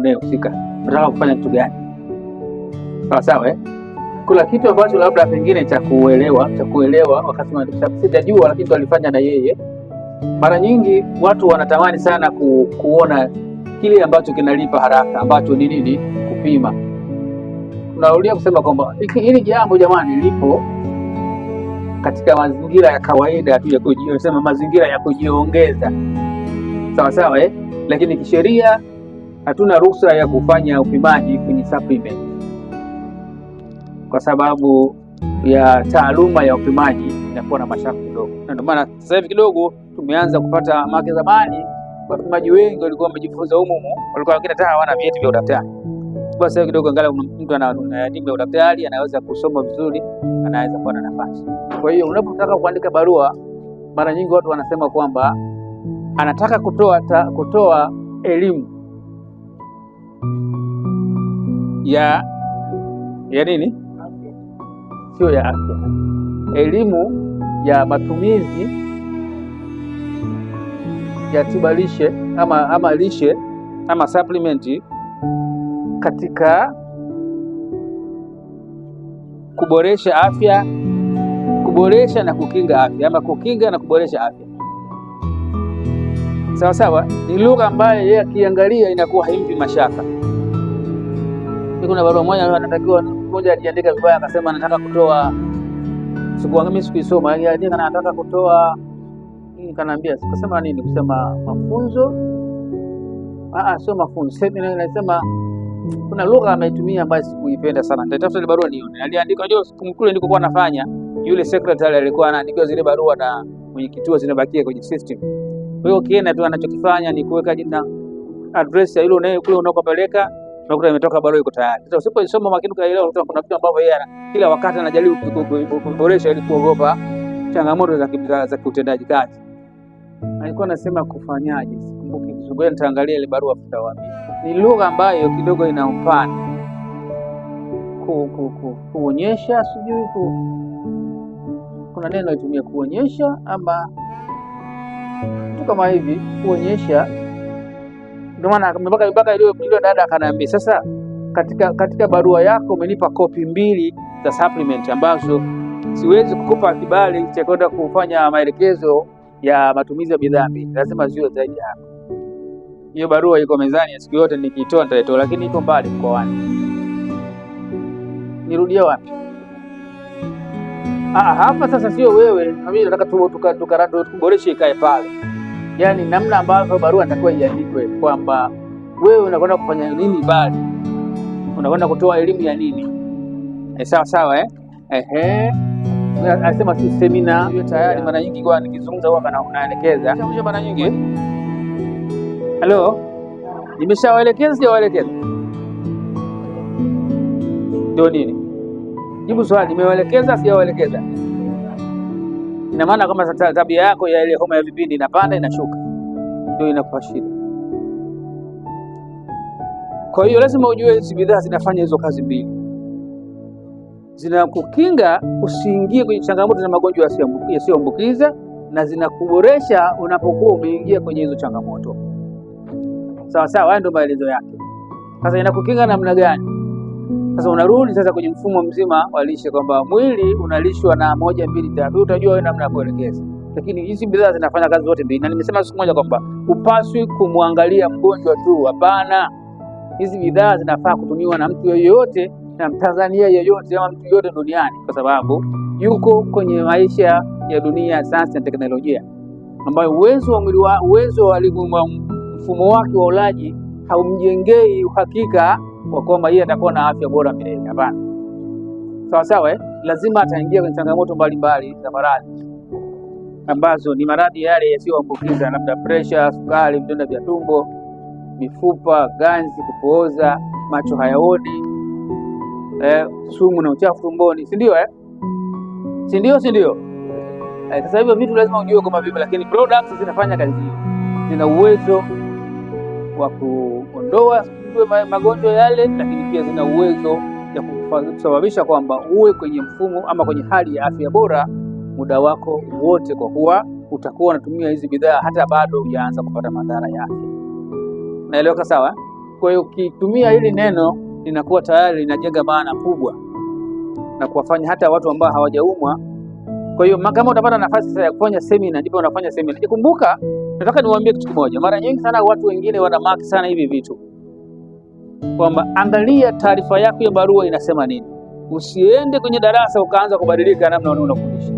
unayehusika unataka kufanya kitu gani? Sawa sawa, eh? Kuna kitu ambacho labda pengine cha kuelewa cha kuelewa wakati sijajua, lakini ndo alifanya na yeye. Mara nyingi watu wanatamani sana ku, kuona kile ambacho kinalipa haraka ambacho ni nini? Kupima. Tunarudia kusema kwamba hili jambo jamani lipo katika mazingira ya kawaida tu, kujiongeza, mazingira ya kujiongeza sawa sawa, eh? Lakini kisheria hatuna ruhusa ya kufanya upimaji kwenye supplement kwa sababu ya taaluma ya upimaji inakuwa na mashaka kidogo, na ndio maana sasa hivi kidogo tumeanza kupata make. Zamani wapimaji wengi walikuwa wamejifunza umumu, walikuwa wengine hata hawana vyeti vya udaktari. Kwa sasa kidogo, angalau mtu ana elimu ya udaktari, anaweza kusoma vizuri, anaweza kuwa na nafasi. Kwa hiyo unapotaka kuandika barua, mara nyingi watu wanasema kwamba anataka kutoa ta, kutoa elimu ya ya nini, sio ya afya, elimu ya matumizi ya tiba lishe ama, ama lishe ama supplement katika kuboresha afya, kuboresha na kukinga afya ama kukinga na kuboresha afya. Sawa sawa, ni lugha ambayo yeye akiangalia inakuwa haimpi mashaka kuna barua moja anatakiwa mmoja aliandika vibaya, akasema anataka kutoa siku mimi sikuisoma, aliandika anataka kutoa nini, kanaambia sikasema nini, kusema mafunzo ah, sio mafunzo. Sasa nasema kuna lugha ameitumia ambayo sikuipenda sana, nitatafuta ile barua nione. Aliandika hiyo kumkule ndiko kwa nafanya yule secretary alikuwa anaandika zile barua na mwenye kituo zinabakia kwenye system. Kwa hiyo ukienda tu anachokifanya ni kuweka jina address ya yule unayekule unakopeleka unakuta imetoka barua iko tayari. Sasa usipoisoma makini kaelewa, unakuta kuna vitu ambavyo yeye kila wakati anajaribu kuboresha ili kuogopa changamoto za kiutendaji kazi. Alikuwa anasema kufanyaje, sikumbuki Kiswahili, nitaangalia ile barua futa wapi. Ni lugha ambayo kidogo ina upana kuonyesha, sijui kuna neno itumia kuonyesha ama kitu kama hivi kuonyesha ndio maana mpaka mpaka ile dada akaniambia, sasa katika, katika barua yako umenipa kopi mbili za supplement ambazo siwezi kukupa kibali cha kwenda kufanya maelekezo ya matumizi ya bidhaa mbili, lazima ziwe zaidi hapo. Hiyo barua iko mezani, siku yote nikiitoa nitaitoa, lakini iko mbali mkoani. Nirudie wapi? Ah, hapa sasa sio wewe, mimi nataka tuboreshe, ikae pale yani namna ambavyo barua inatakiwa iandikwe, kwamba wewe unakwenda kufanya nini, bali unakwenda kutoa elimu ya nini. E, sawa sawa eh? Ehe, anasema si semina hiyo tayari. Mara nyingi kwa nikizungumza huwa naelekeza mara nyingi. Halo, nimeshawaelekeza sijawaelekeza? Ndio nini? Jibu swali, nimewaelekeza sijawaelekeza? Ina maana kama tabia yako ya ile homa ya vipindi inapanda inashuka, ndio inakupa shida. Kwa hiyo lazima ujue hizi bidhaa zinafanya hizo kazi mbili, zinakukinga usiingie kwenye changamoto za magonjwa yasiyoambukiza na zinakuboresha unapokuwa umeingia kwenye hizo changamoto. Sawa sawa, haya ndio maelezo yake. Sasa inakukinga namna gani? Sasa unarudi sasa kwenye mfumo mzima wa lishe, kwamba mwili unalishwa na moja mbili tatu, utajua wewe namna ya kuelekeza. Lakini hizi bidhaa zinafanya kazi zote mbili, na nimesema siku moja kwamba hupaswi kumwangalia mgonjwa tu, hapana. Hizi bidhaa zinafaa kutumiwa na mtu yeyote na Mtanzania yeyote ama mtu yoyote duniani, kwa sababu yuko kwenye maisha ya dunia ya sayansi na teknolojia, ambayo uwezo wa mwili wa uwezo wa mfumo wake wa ulaji haumjengei uhakika kwa kwamba yeye atakuwa na afya bora milele. Hapana, sawa sawa, eh? Lazima ataingia kwenye changamoto mbalimbali za maradhi ambazo ni maradhi yale yasiyoambukiza, labda presha, sukari, vidonda vya tumbo, mifupa, ganzi, kupooza, macho hayaoni, eh, sumu na uchafu tumboni, si ndio eh? si ndio, si ndio? Eh, sasa hivyo vitu lazima ujue kama vipi, lakini products zinafanya kazi hiyo, zina uwezo wa ku kuondoa magonjwa yale, lakini pia zina uwezo ya kusababisha kwamba uwe kwenye mfumo ama kwenye hali ya afya bora muda wako wote, kwa kuwa utakuwa unatumia hizi bidhaa hata bado hujaanza kupata madhara yake Naeleweka sawa? Kwa hiyo ukitumia hili neno linakuwa tayari linajenga maana kubwa na kuwafanya hata watu ambao hawajaumwa. Kwa hiyo kama utapata nafasi sasa ya kufanya semina, ndipo unafanya semina. Jikumbuka Nataka niwaambie kitu kimoja. Mara nyingi sana watu wengine wanamaki sana hivi vitu kwamba angalia taarifa yako ya barua inasema nini. Usiende kwenye darasa ukaanza kubadilika namna unafundisha.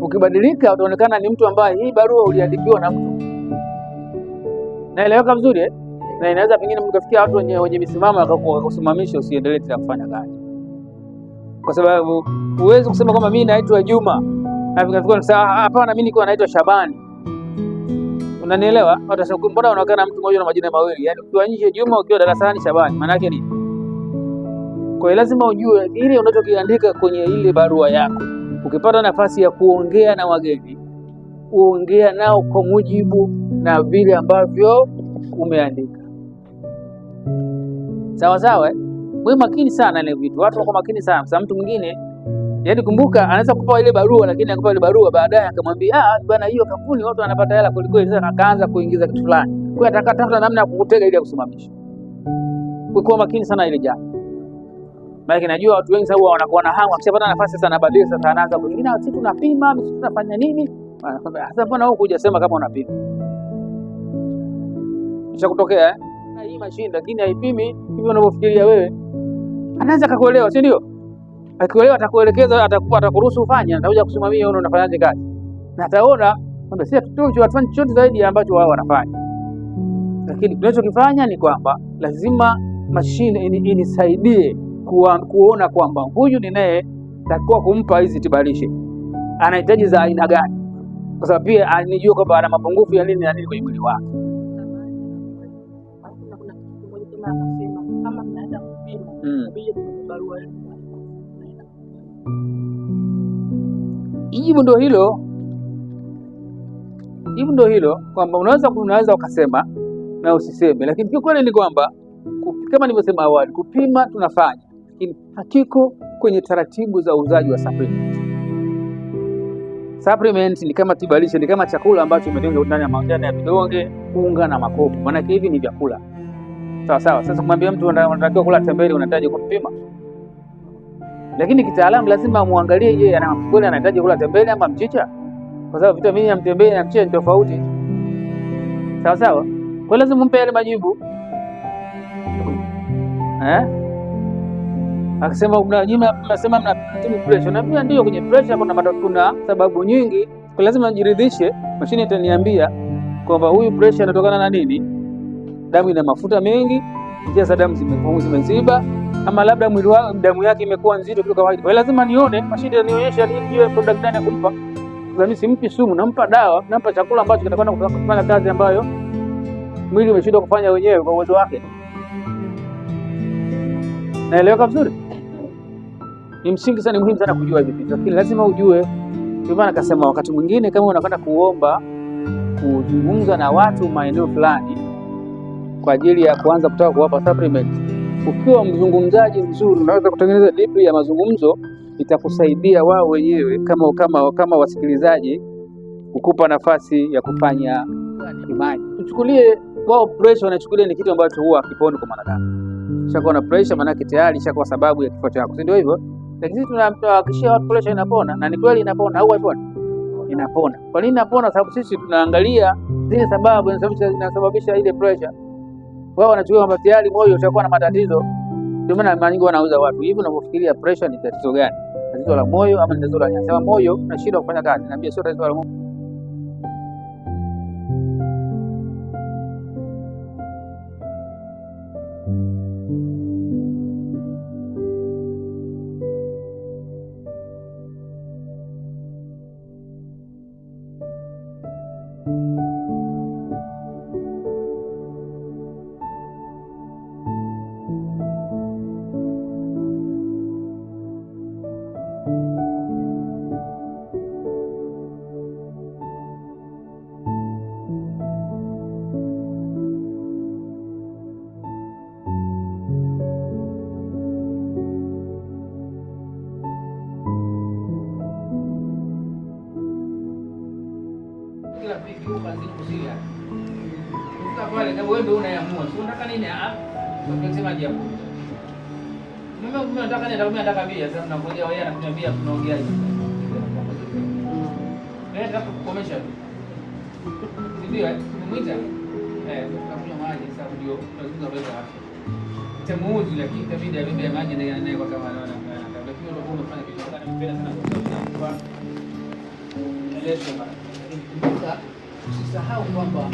Ukibadilika utaonekana ni mtu ambaye hii barua uliandikiwa na mtu. Naeleweka vizuri eh? Na inaweza pengine mkafikia watu wenye, wenye misimamo akakusimamisha usiendelee tena kufanya kazi, kwa sababu huwezi kusema kwamba mimi naitwa Juma na ah, hapana, mimi niko naitwa Shabani Unanielewa? Watasema mbona unakaa na mtu mmoja na majina mawili? Yaani ukiwa nje Juma, ukiwa darasani Shabani, maana yake nini? Kwa hiyo lazima ujue ile unachokiandika kwenye ile barua yako. Ukipata nafasi ya kuongea na wageni, uongea nao kwa mujibu na vile ambavyo umeandika. Sawa sawa, eh? Wewe makini sana ile vitu. Watu wako makini sana. Sasa mtu mwingine Yaani kumbuka, anaweza kupewa ile barua, lakini akapewa ile barua baadaye akamwambia ah, bwana, hiyo kampuni watu wanapata hela kuliko hizo na akaanza kuingiza kitu fulani, kwa hiyo atatafuta namna ya kukutega ili akusimamishe. Kwa makini sana ile jambo, maana najua watu wengi sasa wanakuwa na hamu, akishapata nafasi sasa anabadilika, sasa anaanza kuingia, ah, sisi tunapima, sisi tunafanya nini? Anakwambia ah, sasa, mbona wewe kuja sema kama unapima kisha kutokea eh? Ah, na hii mashine, lakini haipimi hivyo unavyofikiria wewe. Anaanza kakuelewa, si ndio? Akielewa atakuelekeza, atakupa, atakuruhusu ufanye, atakuja kusimamia wewe unafanyaje kazi, na ataona kwamba sisi hatufanyi chochote zaidi ya ambacho wao wanafanya. Lakini tunachokifanya ni kwamba lazima mashine inisaidie kuwa, kuona kwamba huyu ninaye takiwa kumpa hizi tibalishe anahitaji za aina gani, kwa sababu pia anijua kwamba ana mapungufu ya nini na nini kwenye mwili wake. Hmm. Jibu ndio hilo, jibu ndio hilo kwamba unaweza unaweza ukasema na usiseme, lakini kiukweli ni kwamba kama nilivyosema awali, kupima tunafanya, lakini hakiko kwenye taratibu za uuzaji wa supplement. Supplement ni kama tiba lishe, ni kama chakula ambacho umetengenezwa ndani ya majani ya vidonge, unga na makopo, maanake hivi ni vyakula sawa sawa. Sasa kumwambia mtu unatakiwa kula tembele, unahitaji kumpima lakini kitaalamu lazima muangalie yeye ana kweli anahitaji kula tembele ama mchicha, kwa sababu vitamini ya mtembele na mchicha ni tofauti. Sawa sawa, kwa lazima umpe yale majibu eh? Akisema unanyima, mna timu pressure, na ndio kwenye pressure kuna matatizo, kuna sababu nyingi, kwa lazima nijiridhishe. Mashine itaniambia kwamba huyu pressure inatokana na nini? Damu ina mafuta mengi, njia za damu zimeziba ama labda mwili wao damu yake imekuwa nzito kwa kawaida. Kwa hiyo lazima nione mashine nionyesha nijue product gani kumpa. kumpa. Mimi simpi sumu, nampa dawa, nampa chakula ambacho kitakwenda kufanya kazi ambayo mwili umeshindwa kufanya wenyewe kwa uwezo wake. Naeleweka vizuri? Ni msingi sana, ni muhimu sana kujua hivi vitu, lakini lazima ujue. Ndio maana akasema wakati mwingine kama unakwenda kuomba kuzungumza na watu maeneo fulani kwa ajili ya kuanza kutaka kuwapa supplement ukiwa mzungumzaji mzuri, unaweza kutengeneza dipu ya mazungumzo, itakusaidia wao wenyewe kama, kama, kama wasikilizaji kukupa nafasi ya kufanya imani. Tuchukulie wao pressure wanachukulia ni kitu ambacho huwa hakiponi kwa mwanadamu. Shakuwa na pressure, maanake tayari shakuwa sababu ya kifo chako, si ndio hivyo? Lakini sisi tunawahakikishia watu pressure inapona, na ni kweli inapona au haiponi? Inapona. Kwa nini inapona? Sababu sisi tunaangalia zile sababu zinasababisha ile pressure wao wanachukua kwamba tayari moyo utakuwa na matatizo. Ndio maana mara nyingi wanauza watu hivi. Unavyofikiria pressure ni tatizo gani? Tatizo la moyo ama tatizo la nyama? Sema moyo unashindwa kufanya kazi, naambia sio tatizo la moyo. kila kitu kuanzia kusia. pale na wewe ndio unaamua. Si unataka nini hapa? Ah, Unasema je hapo? Mimi mimi nataka nenda mimi nataka bia sasa tunangoja wewe anakuja bia tunaongea hivi. Wewe unataka kukomesha tu. Ndio eh, tumemuita. Eh, tunakunywa maji sasa ndio tunazungumza bado hapa. Tamuuji lakini itabidi abebe maji na yanaye kwa kama anaona lakini ndio unafanya kitu kana mpenda sana kwa sababu sasa usisahau kwamba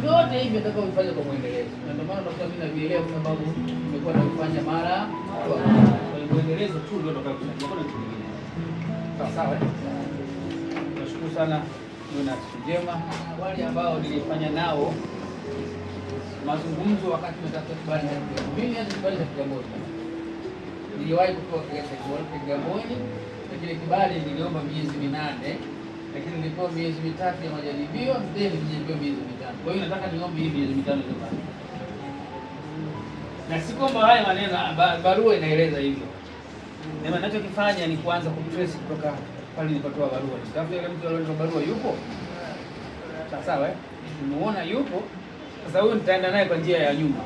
vyote hivi nataka ufanye kwa mwendelezo, na ndio maana nataka mimi navielewa, kwa sababu nimekuwa nakufanya mara kwa mwendelezo tu, ndio nataka kufanya sawa eh? Nashukuru sana, mwe na siku njema. Wale ambao nilifanya nao mazungumzo wakati tunatafuta kibali cha Kigamboni, hata kibali cha Kigamboni niliwahi kutoa kiasi cha Kigamboni, lakini kibali niliomba miezi minane lakini nilipewa miezi mitatu ya majaribio, then nilipewa miezi mitano. Kwa hiyo nataka niombe hii miezi mitano jamani, na si kwamba haya maneno, barua inaeleza hivyo. Nema, yaani nachokifanya ni kuanza kumtrace kutoka pale nilipotoa barua, nitafuta yule mtu aliyetoa barua, yupo sawa sawa, eh, nimuona yupo. Sasa huyu nitaenda naye kwa njia ya nyuma